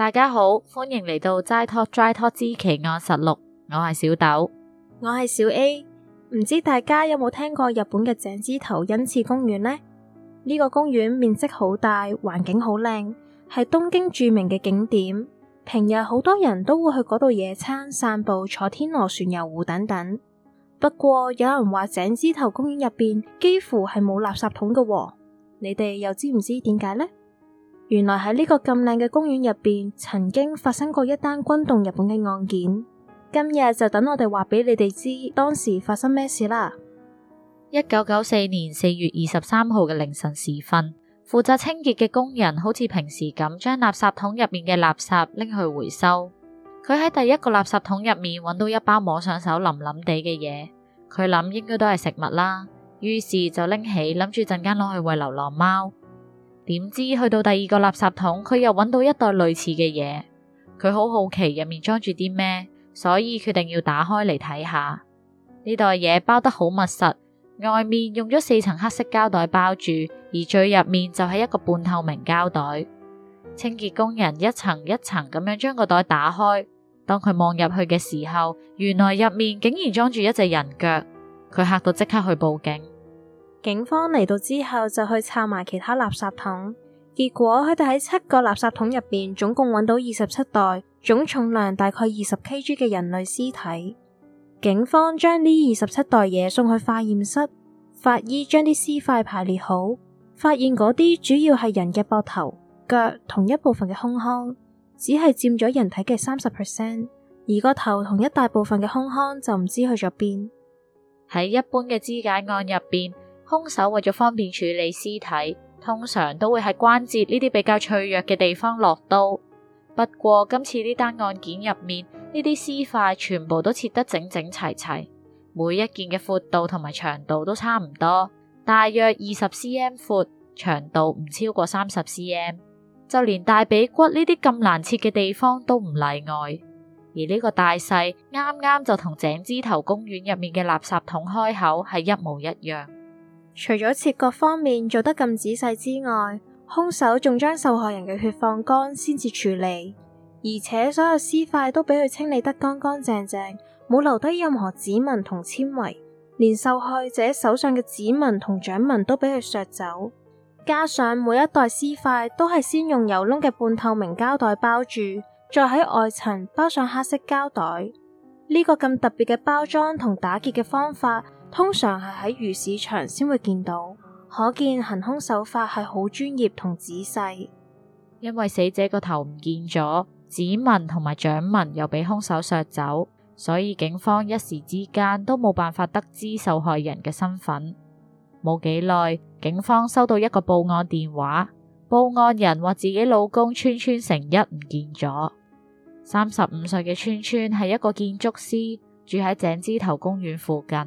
大家好，歡迎嚟到齋 Talk 齋 Talk 之奇案實錄，我係小豆，我係小 A。唔知大家有冇聽過日本嘅井之頭恩賜公園呢？呢、這個公園面積好大，環境好靚，係東京著名嘅景點。平日好多人都會去嗰度野餐、散步、坐天鵝船遊湖等等。不過有人話井之頭公園入邊幾乎係冇垃圾桶嘅，哦，你哋又知唔知點解呢？原來喺呢個咁靚嘅公園入邊，曾經發生過一單轟動日本嘅案件。今日就等我哋話俾你哋知當時發生咩事啦。一九九四年四月二十三號嘅凌晨時分，負責清潔嘅工人好似平時咁，將垃圾桶入面嘅垃圾拎去回收。佢喺第一個垃圾桶入面揾到一包摸上手腍腍地嘅嘢，佢諗應該都係食物啦，於是就拎起諗住陣間攞去喂流浪貓。點知去到第二個垃圾桶，佢又揾到一袋類似嘅嘢，佢好好奇入面裝住啲咩，所以決定要打開嚟睇下。呢袋嘢包得好密實，外面用咗四層黑色膠袋包住，而最入面就係一個半透明膠袋。清潔工人一層一層咁樣將個袋打開，當佢望入去嘅時候，原來入面竟然裝住一隻人腳，佢嚇到即刻去報警。警方嚟到之後就去拆埋其他垃圾桶，結果佢哋喺七個垃圾桶入邊總共揾到二十七袋總重量大概二十 kg 嘅人類屍體。警方將呢二十七袋嘢送去化驗室，法醫將啲屍塊排列好，發現嗰啲主要係人嘅膊頭、腳同一部分嘅胸腔，只係佔咗人體嘅三十 percent，而個頭同一大部分嘅胸腔就唔知去咗邊。喺一般嘅肢解案入邊，凶手為咗方便處理屍體，通常都會喺關節呢啲比較脆弱嘅地方落刀。不過今次呢單案件入面，呢啲屍塊全部都切得整整齊齊，每一件嘅闊度同埋長度都差唔多，大約二十 cm 闊，長度唔超過三十 cm。就連大髀骨呢啲咁難切嘅地方都唔例外，而呢個大細啱啱就同井之頭公園入面嘅垃圾桶開口係一模一樣。除咗切割方面做得咁仔細之外，兇手仲將受害人嘅血放乾先至處理，而且所有屍塊都俾佢清理得乾乾淨淨，冇留低任何指紋同纖維，連受害者手上嘅指紋同掌紋都俾佢削走。加上每一袋屍塊都係先用有窿嘅半透明膠袋包住，再喺外層包上黑色膠袋。呢個咁特別嘅包裝同打結嘅方法，通常係喺魚市場先會見到，可見行凶手法係好專業同仔細。因爲死者個頭唔見咗，指紋同埋掌紋又俾凶手削走，所以警方一時之間都冇辦法得知受害人嘅身份。冇幾耐，警方收到一個報案電話，報案人話自己老公川村誠一唔見咗。三十五歲嘅川村係一個建築師，住喺井之頭公園附近。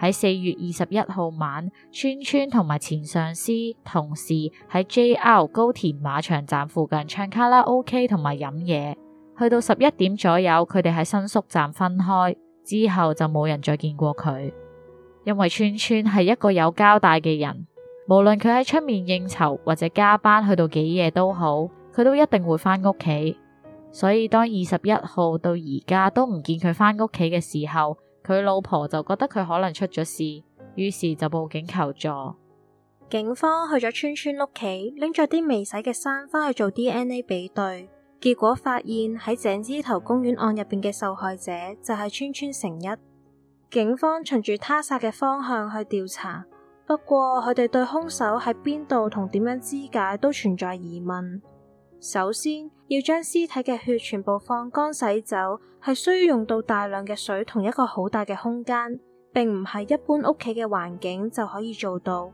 喺四月二十一號晚，川村同埋前上司同事喺 JR 高田馬場站附近唱卡拉 OK 同埋飲嘢，去到十一點左右，佢哋喺新宿站分開，之後就冇人再見過佢。因為川村係一個有交代嘅人，無論佢喺出面應酬或者加班去到幾夜都好，佢都一定會返屋企。所以當二十一號到而家都唔見佢返屋企嘅時候，佢老婆就覺得佢可能出咗事，於是就報警求助。警方去咗川村屋企，拎咗啲未洗嘅衫返去做 DNA 比對，結果發現喺井之頭公園案入邊嘅受害者就係川村誠一。警方循住他殺嘅方向去調查，不過佢哋對凶手喺邊度同點樣肢解都存在疑問。首先要將屍體嘅血全部放乾洗走，係需要用到大量嘅水同一個好大嘅空間，並唔係一般屋企嘅環境就可以做到。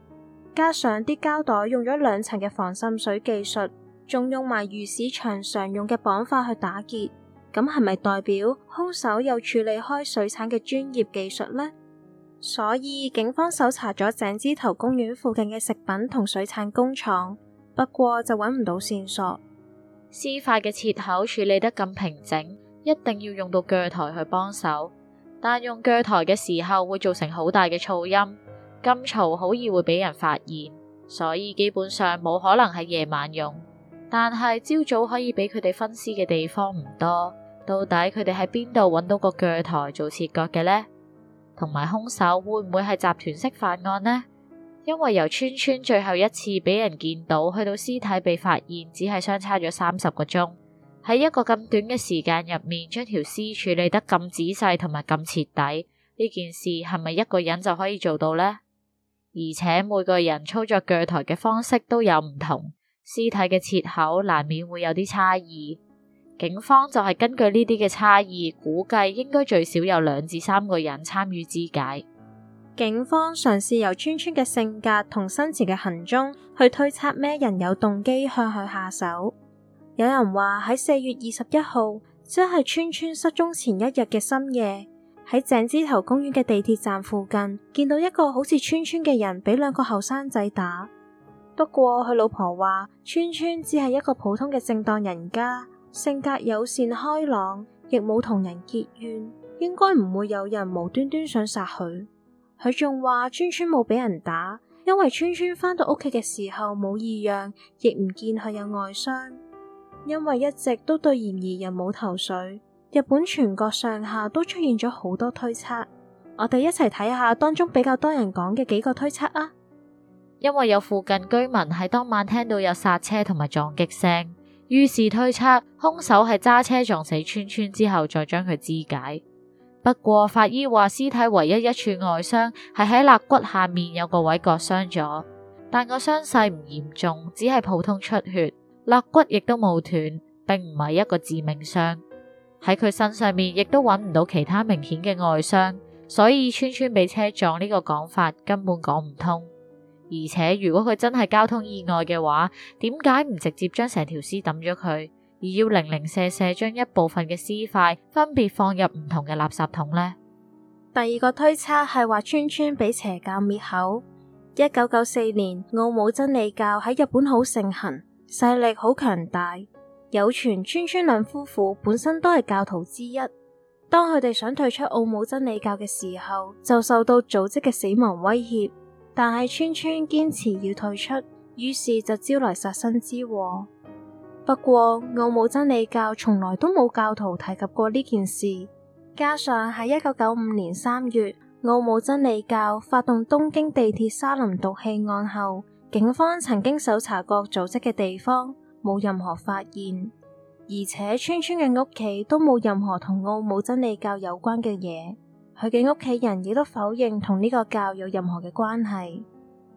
加上啲膠袋用咗兩層嘅防滲水技術，仲用埋魚市場常用嘅綁法去打結，咁係咪代表兇手又處理開水產嘅專業技術呢？所以警方搜查咗井之頭公園附近嘅食品同水產工廠，不過就揾唔到線索。司法嘅切口處理得咁平整，一定要用到鋸台去幫手，但用鋸台嘅時候會造成好大嘅噪音，咁嘈好易會俾人發現，所以基本上冇可能喺夜晚用。但係朝早可以俾佢哋分屍嘅地方唔多，到底佢哋喺邊度揾到個鋸台做切割嘅呢？同埋，凶手會唔會係集團式犯案呢？因為川村最後一次俾人見到，去到屍體被發現，只係相差咗三十個鐘。喺一個咁短嘅時間入面，將條屍處理得咁仔細同埋咁徹底，呢件事係咪一個人就可以做到呢？而且每個人操作鋸台嘅方式都有唔同，屍體嘅切口難免會有啲差異。警方就係根據呢啲嘅差異，估計應該最少有兩至三個人參與肢解。警方嘗試由村村嘅性格同生前嘅行蹤去推測咩人有動機向佢下手。有人話喺四月二十一號，即係村村失蹤前一日嘅深夜，喺井之頭公園嘅地鐵站附近見到一個好似村村嘅人俾兩個後生仔打。不過佢老婆話，村村只係一個普通嘅正當人家，性格友善開朗，亦冇同人結怨，應該唔會有人無端端想殺佢。佢仲話：川川冇俾人打，因為川川返到屋企嘅時候冇異樣，亦唔見佢有外傷。因為一直都對嫌疑人冇頭緒，日本全國上下都出現咗好多推測。我哋一齊睇下當中比較多人講嘅幾個推測啊。因為有附近居民喺當晚聽到有剎車同埋撞擊聲，於是推測兇手係揸車撞死川川之後再將佢肢解。不過法醫話，屍體唯一一處外傷係喺肋骨下面有個位割傷咗，但個傷勢唔嚴重，只係普通出血，肋骨亦都冇斷，並唔係一個致命傷。喺佢身上面亦都揾唔到其他明顯嘅外傷，所以川村俾車撞呢個講法根本講唔通。而且如果佢真係交通意外嘅話，點解唔直接將成條屍抌咗佢？而要零零舍舍將一部分嘅屍塊分別放入唔同嘅垃圾桶呢？第二個推測係話，川村俾邪教滅口。一九九四年，奧姆真理教喺日本好盛行，勢力好強大。有傳川村兩夫婦本身都係教徒之一。當佢哋想退出奧姆真理教嘅時候，就受到組織嘅死亡威脅。但係川村堅持要退出，於是就招來殺身之禍。不過奧姆真理教從來都冇教徒提及過呢件事，加上喺一九九五年三月，奧姆真理教發動東京地鐵沙林毒氣案後，警方曾經搜查過組織嘅地方，冇任何發現，而且川村嘅屋企都冇任何同奧姆真理教有關嘅嘢，佢嘅屋企人亦都否認同呢個教有任何嘅關係，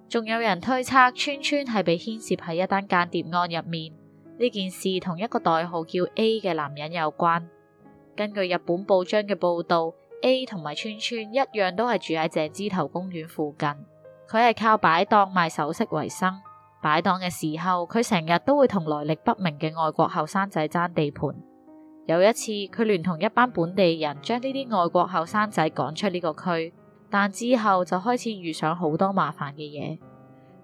仲有人推測川村係被牽涉喺一單間諜案入面。呢件事同一個代號叫 A 嘅男人有關。根據日本報章嘅報道，A 同埋川村一樣都係住喺井之頭公園附近。佢係靠擺檔賣首飾為生。擺檔嘅時候，佢成日都會同來歷不明嘅外國後生仔爭地盤。有一次，佢連同一班本地人將呢啲外國後生仔趕出呢個區，但之後就開始遇上好多麻煩嘅嘢。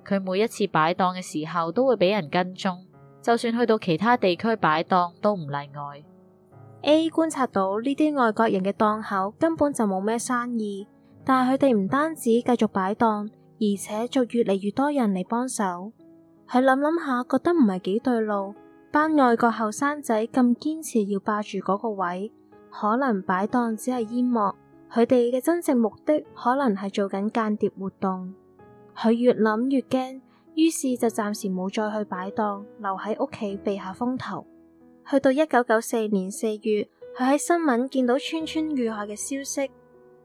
佢每一次擺檔嘅時候都會俾人跟蹤。就算去到其他地區擺檔都唔例外。A 觀察到呢啲外國人嘅檔口根本就冇咩生意，但係佢哋唔單止繼續擺檔，而且仲越嚟越多人嚟幫手。佢諗諗下，覺得唔係幾對路。班外國後生仔咁堅持要霸住嗰個位，可能擺檔只係煙幕，佢哋嘅真正目的可能係做緊間諜活動。佢越諗越驚。於是就暫時冇再去擺檔，留喺屋企避下風頭。去到一九九四年四月，佢喺新聞見到川村遇害嘅消息。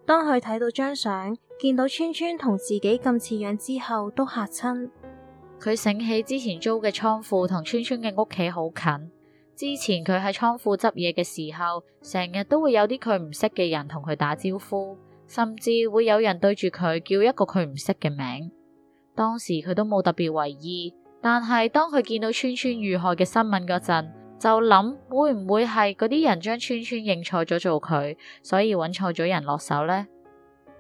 當佢睇到張相，見到川村同自己咁似樣之後，都吓親。佢醒起之前租嘅倉庫同川村嘅屋企好近。之前佢喺倉庫執嘢嘅時候，成日都會有啲佢唔識嘅人同佢打招呼，甚至會有人對住佢叫一個佢唔識嘅名。當時佢都冇特別為意，但係當佢見到村村遇害嘅新聞嗰陣，就諗會唔會係嗰啲人將村村認錯咗做佢，所以搵錯咗人落手呢？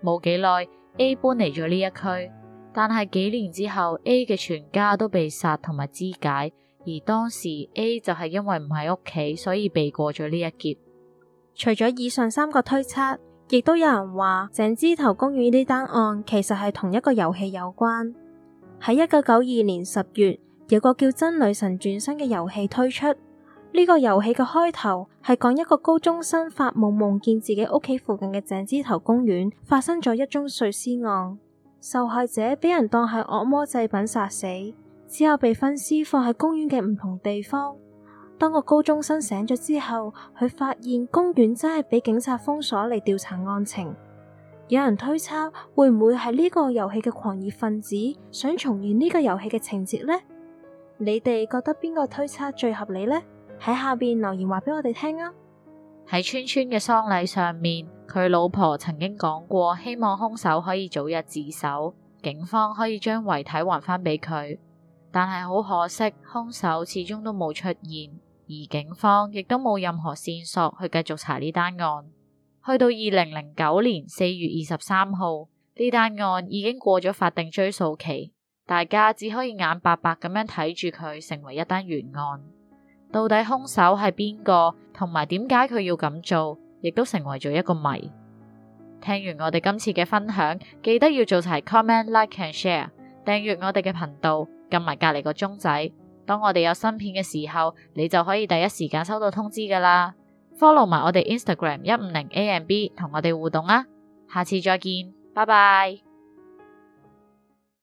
冇幾耐，A 搬嚟咗呢一區，但係幾年之後，A 嘅全家都被殺同埋肢解，而當時 A 就係因為唔喺屋企，所以避過咗呢一劫。除咗以上三個推測，亦都有人話，井之頭公園呢單案其實係同一個遊戲有關。喺一九九二年十月，有個叫《真女神轉生》嘅遊戲推出。呢、這個遊戲嘅開頭係講一個高中生發夢，夢見自己屋企附近嘅井之頭公園發生咗一宗碎屍案，受害者俾人當係惡魔祭品殺死，之後被分屍放喺公園嘅唔同地方。當個高中生醒咗之後，佢發現公園真係俾警察封鎖嚟調查案情。有人推測會唔會係呢個遊戲嘅狂熱分子想重現呢個遊戲嘅情節呢？你哋覺得邊個推測最合理呢？喺下邊留言話俾我哋聽啊！喺村村嘅喪禮上面，佢老婆曾經講過，希望兇手可以早日自首，警方可以將遺體還翻俾佢。但係好可惜，兇手始終都冇出現，而警方亦都冇任何線索去繼續查呢單案。去到二零零九年四月二十三號，呢單案已經過咗法定追訴期，大家只可以眼白白咁樣睇住佢成為一單懸案。到底兇手係邊個，同埋點解佢要咁做，亦都成為咗一個謎。聽完我哋今次嘅分享，記得要做齊 comment、like and share，訂閱我哋嘅頻道，撳埋隔籬個鐘仔，當我哋有新片嘅時候，你就可以第一時間收到通知噶啦。Follow 埋我哋 Instagram 一五零 AMB，同我哋互動啊！下次再見，拜拜。